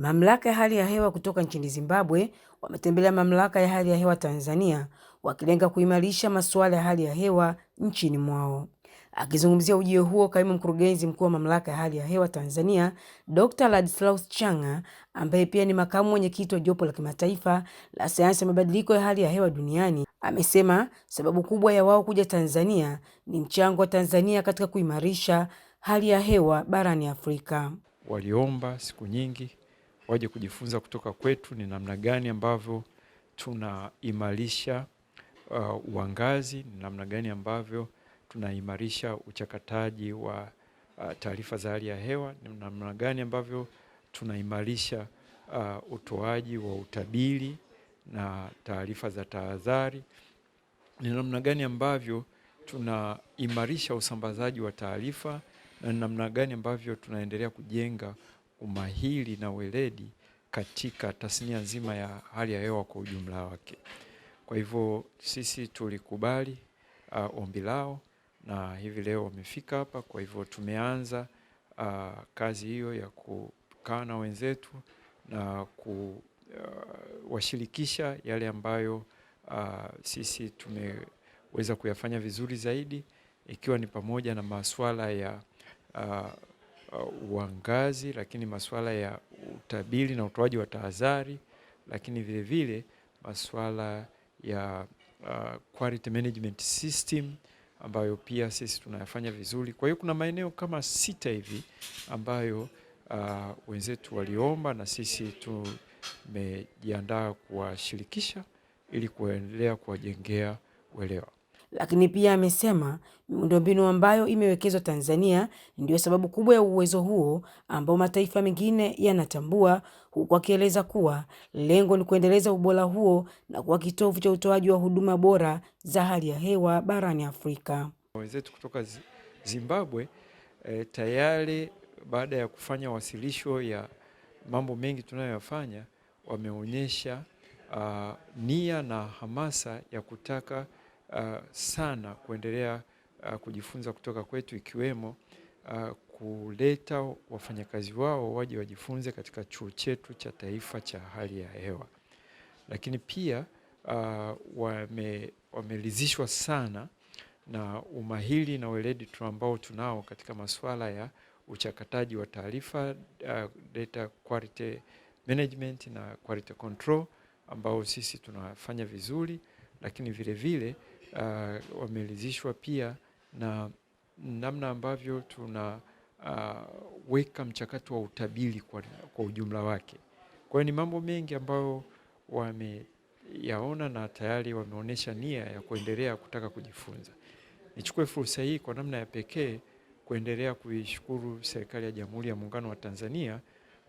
Mamlaka ya hali ya hewa kutoka nchini Zimbabwe wametembelea mamlaka ya hali ya hewa Tanzania wakilenga kuimarisha masuala ya hali ya hewa nchini mwao. Akizungumzia ujio huo, kaimu mkurugenzi mkuu wa mamlaka ya hali ya hewa Tanzania Dr. Ladislaus Chang'a ambaye pia ni makamu mwenyekiti wa jopo la kimataifa la sayansi ya mabadiliko ya hali ya hewa duniani amesema sababu kubwa ya wao kuja Tanzania ni mchango wa Tanzania katika kuimarisha hali ya hewa barani Afrika. Waliomba siku nyingi waje kujifunza kutoka kwetu ni namna gani ambavyo tunaimarisha uh, uangazi, ni namna gani ambavyo tunaimarisha uchakataji wa uh, taarifa za hali ya hewa, ni namna gani ambavyo tunaimarisha uh, utoaji wa utabiri na taarifa za tahadhari, ni namna gani ambavyo tunaimarisha usambazaji wa taarifa na namna gani ambavyo tunaendelea kujenga umahiri na weledi katika tasnia nzima ya hali ya hewa kwa ujumla wake. Kwa hivyo sisi tulikubali uh, ombi lao na hivi leo wamefika hapa. Kwa hivyo tumeanza uh, kazi hiyo ya kukaa na wenzetu na kuwashirikisha uh, yale ambayo uh, sisi tumeweza kuyafanya vizuri zaidi ikiwa ni pamoja na masuala ya uh, uh, uangazi, lakini masuala ya utabiri na utoaji wa tahadhari, lakini vile vile masuala ya uh, quality management system ambayo pia sisi tunayafanya vizuri. Kwa hiyo kuna maeneo kama sita hivi ambayo uh, wenzetu waliomba na sisi tumejiandaa kuwashirikisha ili kuendelea kuwajengea uelewa. Lakini pia amesema miundombinu ambayo imewekezwa Tanzania ndiyo sababu kubwa ya uwezo huo ambao mataifa mengine yanatambua, huku akieleza kuwa lengo ni kuendeleza ubora huo na kuwa kitovu cha utoaji wa huduma bora za hali ya hewa barani Afrika. Wenzetu kutoka Zimbabwe e, tayari baada ya kufanya wasilisho ya mambo mengi tunayoyafanya wameonyesha uh, nia na hamasa ya kutaka uh, sana kuendelea uh, kujifunza kutoka kwetu ikiwemo uh, kuleta wafanyakazi wao waje wajifunze katika chuo chetu cha taifa cha hali ya hewa, lakini pia uh, wame, wamelizishwa sana na umahiri na weledi tu ambao tunao katika masuala ya uchakataji wa taarifa uh, data quality management na quality control ambao sisi tunafanya vizuri, lakini vile vile uh, wamelizishwa pia na namna ambavyo tunaweka uh, mchakato wa utabiri kwa, kwa ujumla wake. Kwa hiyo ni mambo mengi ambayo wameyaona na tayari wameonyesha nia ya kuendelea kutaka kujifunza. Nichukue fursa hii kwa namna ya pekee kuendelea kuishukuru serikali ya Jamhuri ya Muungano wa Tanzania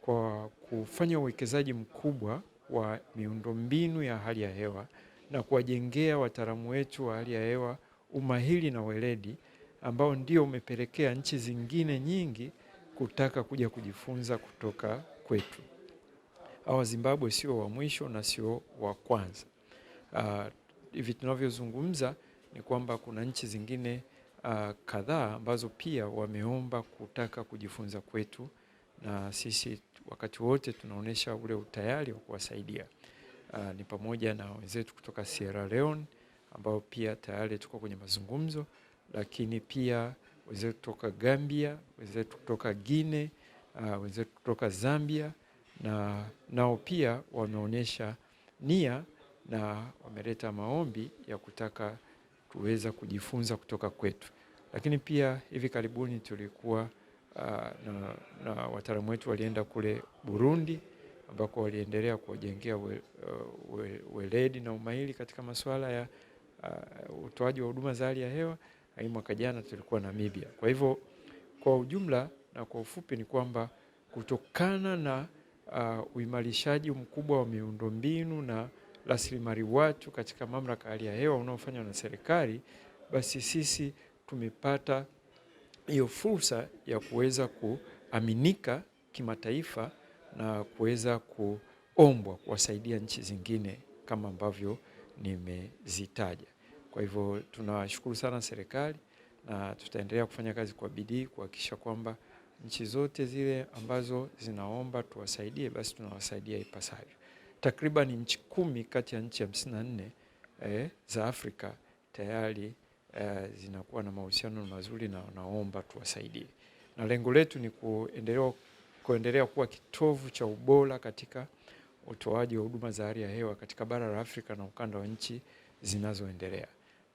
kwa kufanya uwekezaji mkubwa wa miundombinu ya hali ya hewa na kuwajengea wataalamu wetu wa hali ya hewa umahiri na weledi ambao ndio umepelekea nchi zingine nyingi kutaka kuja kujifunza kutoka kwetu. Hawa Zimbabwe sio wa mwisho na sio wa kwanza. Ah, hivi uh, tunavyozungumza ni kwamba kuna nchi zingine uh, kadhaa ambazo pia wameomba kutaka kujifunza kwetu, na sisi wakati wote tunaonyesha ule utayari wa kuwasaidia uh, ni pamoja na wenzetu kutoka Sierra Leone ambao pia tayari tuko kwenye mazungumzo, lakini pia wenzetu kutoka Gambia, wenzetu kutoka Guinea, uh, wenzetu kutoka Zambia na nao pia wameonyesha nia na wameleta maombi ya kutaka kuweza kujifunza kutoka kwetu. Lakini pia hivi karibuni tulikuwa uh, na, na wataalamu wetu walienda kule Burundi ambako waliendelea kuwajengea uh, weledi we, we na umahiri katika masuala ya uh, utoaji wa huduma za hali ya hewa. Hii mwaka jana tulikuwa Namibia. Kwa hivyo kwa ujumla na kwa ufupi ni kwamba kutokana na uh, uimarishaji mkubwa wa miundombinu na rasilimali watu katika mamlaka hali ya hewa unaofanywa na serikali, basi sisi tumepata hiyo fursa ya kuweza kuaminika kimataifa na kuweza kuombwa kuwasaidia nchi zingine kama ambavyo nimezitaja. Kwa hivyo tunawashukuru sana serikali na tutaendelea kufanya kazi kwa bidii kuhakikisha kwamba nchi zote zile ambazo zinaomba tuwasaidie, basi tunawasaidia ipasavyo. Takriban nchi kumi kati ya nchi hamsini na nne eh, za Afrika tayari eh, zinakuwa na mahusiano mazuri na wanaomba tuwasaidie, na lengo letu ni kuendelea kuendelea kuwa kitovu cha ubora katika utoaji wa huduma za hali ya hewa katika bara la Afrika na ukanda wa nchi zinazoendelea.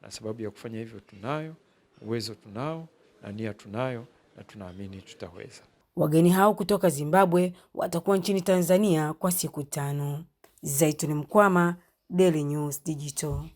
Na sababu ya kufanya hivyo tunayo, uwezo tunao, na nia tunayo, na tunaamini tutaweza. Wageni hao kutoka Zimbabwe watakuwa nchini Tanzania kwa siku tano. Zaituni Mkwama, Daily News Digital.